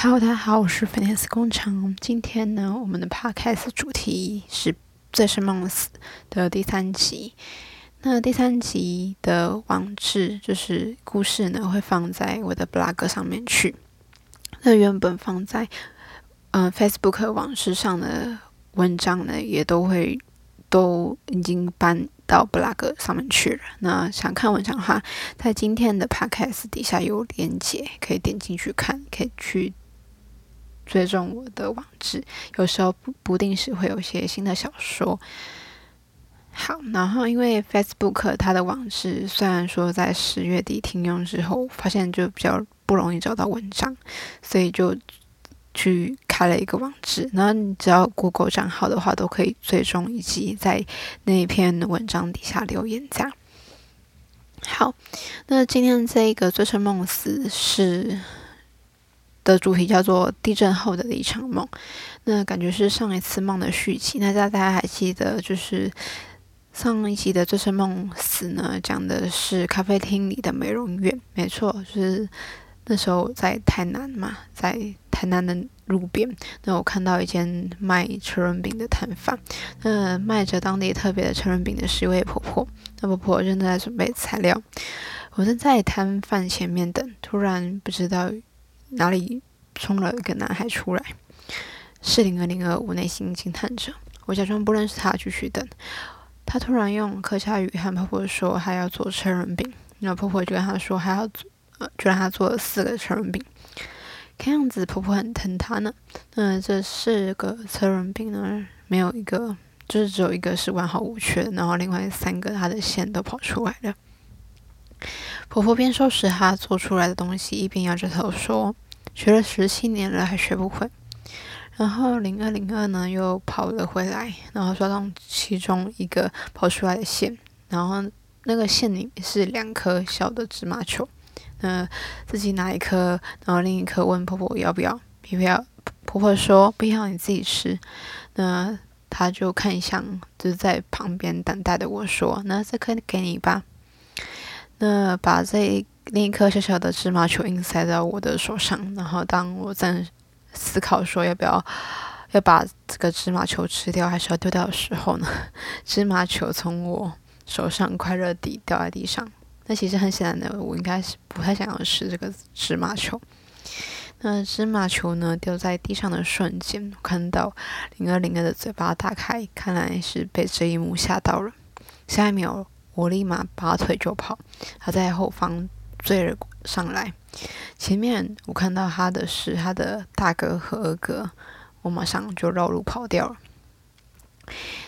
Hello，大家好，我是 Fantastic 弓長。今天呢，我們的 Podcast 主題是醉生夢死的第三集。那第三集的網址就是故事呢，會放在我的 Blog 上面去。那原本放在嗯、呃、Facebook 網誌上的文章呢，也都會都已經搬到 Blog 上面去了。那想看文章的話，在今天的 Podcast 底下有鏈接可以點進去看，可以去。追蹤我的網址，有時候不，不定時會有一些新的小說。好，然後因為 Facebook 它的網址雖然說在十月底停用之後，發現就比較不容易找到文章，所以就去開了一個網址。那你只要 Google 賬號的話，都可以追蹤以及在那一篇文章底下留言樣。好，那今天這一個醉生夢死是。的主題叫做地震後的一場夢，那感覺是上一次夢的續集。那大家還記得，就是上一集的《醉生夢死》呢，講的是咖啡廳裡的美容院，沒錯，就是那時候在台南嘛，在台南的路邊，那我看到一間賣車輪餅的攤販，那賣着當地特別的車輪餅的是一位婆婆，那婆婆正在準備材料，我正在攤販前面等，突然不知道。哪裡衝了一個男孩出來。是零二零二，我內心驚嘆着。我假裝不認識他，繼續等。他突然用客家語和婆婆說還要做車輪餅，然後婆婆就跟他說還要做，呃，就讓他做了四個車輪餅。看樣子婆婆很疼他呢。那這四個車輪餅呢，沒有一個，就是只有一個是完好無缺，然後另外三個它的餡都跑出來了。婆婆邊收拾她做出來的東西，一邊搖着頭說：“學了十七年了，還學不會。”然後零二零二呢，又跑了回來，然後說：“到其中一個跑出來的線，然後那個線裡是兩顆小的芝麻球。”那自己拿一顆，然後另一顆問婆婆要不要？要不要？婆婆說：“不要，你自己吃。”那她就看向，就是在旁邊等待的我說：“那這顆給你吧。”那把這一另一顆小小的芝麻球硬塞到我的手上，然後當我在思考說要不要要把這個芝麻球吃掉，還是要丟掉的時候呢，芝麻球從我手上快樂地掉在地上。那其實很顯然的，我應該是不太想要吃這個芝麻球。那芝麻球呢，掉在地上的瞬間，我看到零二零二的嘴巴打開，看來是被這一幕嚇到了。下一秒。我立馬拔腿就跑，他在後方追了上來。前面我看到他的是他的大哥和二哥，我馬上就繞路跑掉了。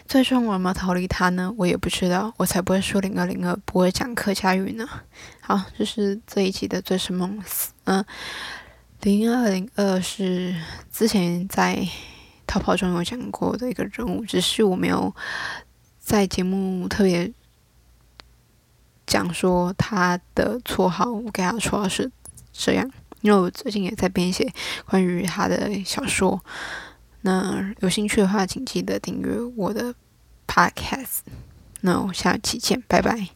最終我有沒有逃離他呢？我也不知道。我才不會說零二零二不會講客家語呢。好，這，就是這一集的醉生夢死。嗯、呃，零二零二是之前在逃跑中有講過的一個人物，只是我沒有在節目特別。講說他的綽號，我給他綽號是這樣，因為我最近也在編寫關於他的小說。那有興趣的話，請記得訂閱我的 Podcast。那我下期見，拜拜。